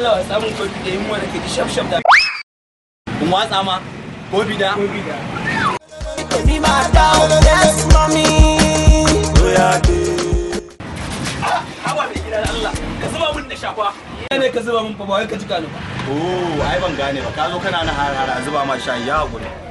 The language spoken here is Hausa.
Allah wa samu kofi da yin wanda ke da shaf shaf da in watsa ma kofi da kofi da Be oh, ah, mai Allah, ka zuba min da ne ka zuba min fa ba wai ka ji ni ba. Oh, ai ban gane ba. Ka zo kana na a zuba ma shayi ya hakuri.